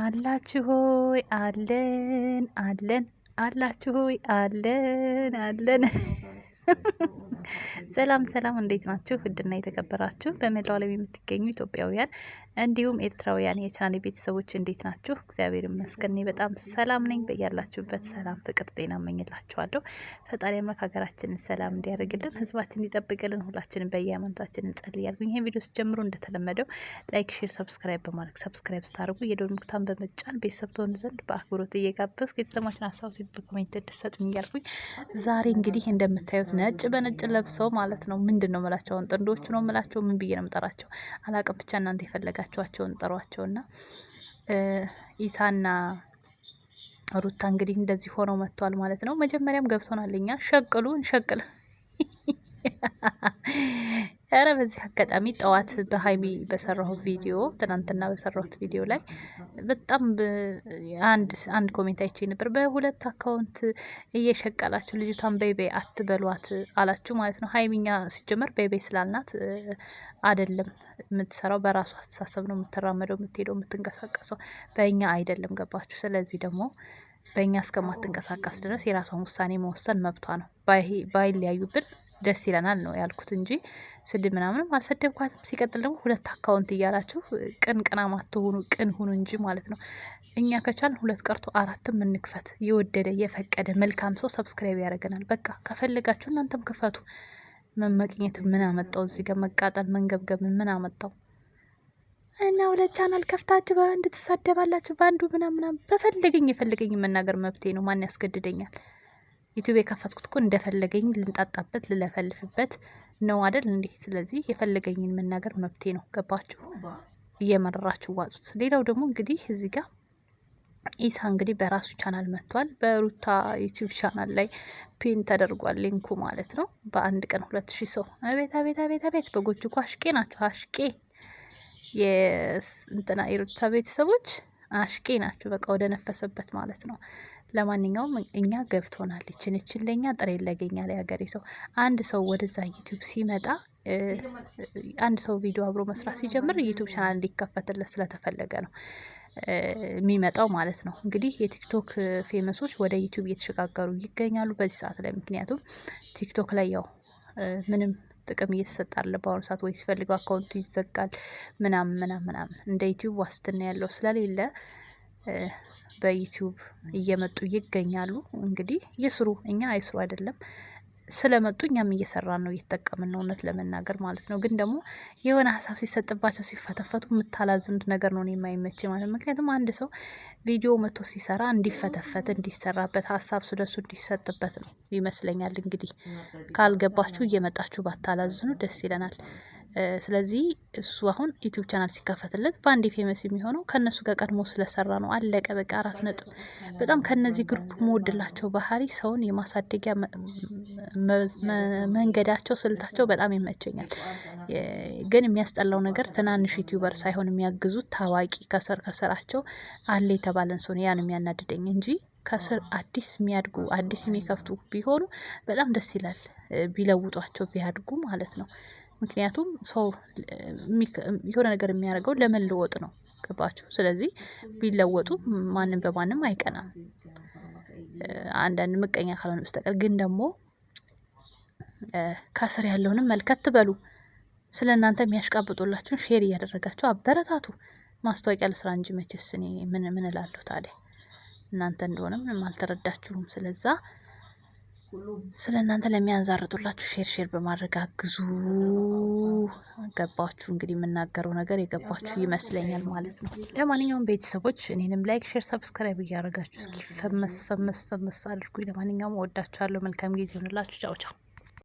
አላችሁ ሆይ አለን አለን አላችሁ ሆይ አለን አለን ሰላም ሰላም፣ እንዴት ናችሁ? ውድና የተከበራችሁ በመላው ዓለም የምትገኙ ኢትዮጵያውያን እንዲሁም ኤርትራውያን የቻናል ቤተሰቦች እንዴት ናችሁ? እግዚአብሔር ይመስገን በጣም ሰላም ነኝ። በያላችሁበት ሰላም፣ ፍቅር፣ ጤና እመኝላችኋለሁ። ፈጣሪ አምላክ ሀገራችንን ሰላም እንዲያደርግልን፣ ህዝባችን እንዲጠብቅልን ሁላችንም በየሃይማኖታችን እንጸልይ ያልኩኝ። ይህን ቪዲዮ ስጀምሮ እንደተለመደው ላይክ፣ ሼር፣ ሰብስክራይብ በማድረግ ሰብስክራይብ ስታደርጉ የደወል ምልክቱን በመጫን ቤተሰብ ትሆኑ ዘንድ በአክብሮት እየጋበዝኩ የተሰማችሁን ሀሳብ በኮሜንት እንድትሰጡኝ እያልኩኝ ዛሬ እንግዲህ እንደምታዩት ነጭ በነጭ ለብሰው ማለት ነው። ምንድን ነው ምላቸው? አሁን ጥንዶቹ ነው ምላቸው? ምን ብዬ ነው ምጠራቸው? አላቅም። ብቻ እናንተ የፈለጋችኋቸውን ና ኢሳና ሩታ እንግዲህ እንደዚህ ሆነው መጥቷል ማለት ነው። መጀመሪያም ገብቶናል እኛ ሸቅሉ እንሸቅል ኧረ በዚህ አጋጣሚ ጠዋት በሀይሚ በሰራሁት ቪዲዮ ትናንትና በሰራሁት ቪዲዮ ላይ በጣም አንድ ኮሜንት አይቼ ነበር። በሁለት አካውንት እየሸቀላችሁ ልጅቷን በይበይ አትበሏት አላችሁ ማለት ነው። ሀይሚኛ ሲጀመር በይበይ ስላልናት አይደለም የምትሰራው በራሱ አስተሳሰብ ነው የምትራመደው፣ የምትሄደው፣ የምትንቀሳቀሰው በእኛ አይደለም። ገባችሁ? ስለዚህ ደግሞ በእኛ እስከማትንቀሳቀስ ድረስ የራሷን ውሳኔ መወሰን መብቷ ነው። ባይለያዩብን ደስ ይለናል ነው ያልኩት እንጂ ስድብ ምናምንም አልሰደብኳትም። ሲቀጥል ደግሞ ሁለት አካውንት እያላችሁ ቅን ቅናም አትሆኑ፣ ቅን ሁኑ እንጂ ማለት ነው። እኛ ከቻልን ሁለት ቀርቶ አራትም እንክፈት። የወደደ የፈቀደ መልካም ሰው ሰብስክራይብ ያደርገናል። በቃ ከፈለጋችሁ እናንተም ክፈቱ። መመቅኘት ምን አመጣው? እዚህ ጋር መቃጠል መንገብገብ ምን አመጣው? እና ሁለት ቻናል ከፍታችሁ በአንድ ትሳደባላችሁ፣ በአንዱ ምናምና። በፈለገኝ የፈለገኝ መናገር መብቴ ነው። ማን ያስገድደኛል? ዩቲዩብ የከፈትኩት እኮ እንደፈለገኝ ልንጣጣበት ልለፈልፍበት ነው አደል እንዴ? ስለዚህ የፈለገኝን መናገር መብቴ ነው። ገባችሁ? እየመረራችሁ ዋጡት። ሌላው ደግሞ እንግዲህ እዚህ ጋር ኢሳ እንግዲህ በራሱ ቻናል መጥቷል። በሩታ ዩቲዩብ ቻናል ላይ ፒን ተደርጓል ሊንኩ ማለት ነው። በአንድ ቀን ሁለት ሺህ ሰው አቤት አቤት አቤት አቤት! በጎች እኮ አሽቄ ናቸው አሽቄ የእንትና የሩታ ቤተሰቦች አሽቄ ናቸው። በቃ ወደ ነፈሰበት ማለት ነው። ለማንኛውም እኛ ገብቶናለች ይችን ለእኛ ጥሬ ይለገኛል። የሀገሬ ሰው አንድ ሰው ወደዛ ዩቱብ ሲመጣ አንድ ሰው ቪዲዮ አብሮ መስራት ሲጀምር ዩቱብ ቻናል እንዲከፈትለት ስለተፈለገ ነው የሚመጣው ማለት ነው። እንግዲህ የቲክቶክ ፌመሶች ወደ ዩቱብ እየተሸጋገሩ ይገኛሉ በዚህ ሰዓት ላይ። ምክንያቱም ቲክቶክ ላይ ያው ምንም ጥቅም እየተሰጠ አለ በአሁኑ ሰዓት ወይ ሲፈልገው አካውንቱ ይዘጋል ምናምን ምናምን ምናምን እንደ ዩቲዩብ ዋስትና ያለው ስለሌለ በዩቲዩብ እየመጡ ይገኛሉ። እንግዲህ ይስሩ፣ እኛ አይስሩ አይደለም ስለመጡ እኛም እየሰራን ነው እየተጠቀምን ነው፣ እውነት ለመናገር ማለት ነው። ግን ደግሞ የሆነ ሀሳብ ሲሰጥባቸው ሲፈተፈቱ የምታላዝኑት ነገር ነው የማይመች ማለት ነው። ምክንያቱም አንድ ሰው ቪዲዮ መቶ ሲሰራ እንዲፈተፈት እንዲሰራበት፣ ሀሳብ ስለሱ እንዲሰጥበት ነው ይመስለኛል። እንግዲህ ካልገባችሁ እየመጣችሁ ባታላዝኑ ደስ ይለናል። ስለዚህ እሱ አሁን ዩቲዩብ ቻናል ሲከፈትለት በአንዴ ፌመስ የሚሆነው ከእነሱ ጋር ቀድሞ ስለሰራ ነው። አለቀ በቃ አራት ነጥብ። በጣም ከነዚህ ግሩፕ መወድላቸው ባህሪ ሰውን የማሳደጊያ መንገዳቸው፣ ስልታቸው በጣም ይመቸኛል። ግን የሚያስጠላው ነገር ትናንሽ ዩቲዩበር ሳይሆን የሚያግዙት ታዋቂ ከስር ከስራቸው አለ የተባለን ሰው ያን የሚያናድደኝ እንጂ ከስር አዲስ የሚያድጉ አዲስ የሚከፍቱ ቢሆኑ በጣም ደስ ይላል። ቢለውጧቸው ቢያድጉ ማለት ነው። ምክንያቱም ሰው የሆነ ነገር የሚያደርገው ለመለወጥ ነው። ገባችሁ? ስለዚህ ቢለወጡ ማንም በማንም አይቀናም። አንዳንድ ምቀኛ ካልሆነ በስተቀር ግን ደግሞ ከስር ያለውንም መልከት በሉ። ስለ እናንተ የሚያሽቃብጡላችሁን ሼር እያደረጋችሁ አበረታቱ። ማስታወቂያ ለስራ እንጂ መቼስ እኔ ምን ምን እላለሁ ታዲያ። እናንተ እንደሆነ ምንም አልተረዳችሁም። ስለዛ ስለ እናንተ ለሚያንዛርጡላችሁ ሼር ሼር በማድረግ አግዙ። ገባችሁ? እንግዲህ የምናገረው ነገር የገባችሁ ይመስለኛል ማለት ነው። ለማንኛውም ቤተሰቦች እኔንም ላይክ፣ ሼር፣ ሰብስክራይብ እያደረጋችሁ እስኪ ፈመስ ፈመስ ፈመስ አድርጉኝ። ለማንኛውም ወዳችኋለሁ። መልካም ጊዜ ይሆንላችሁ። ጫው ጫው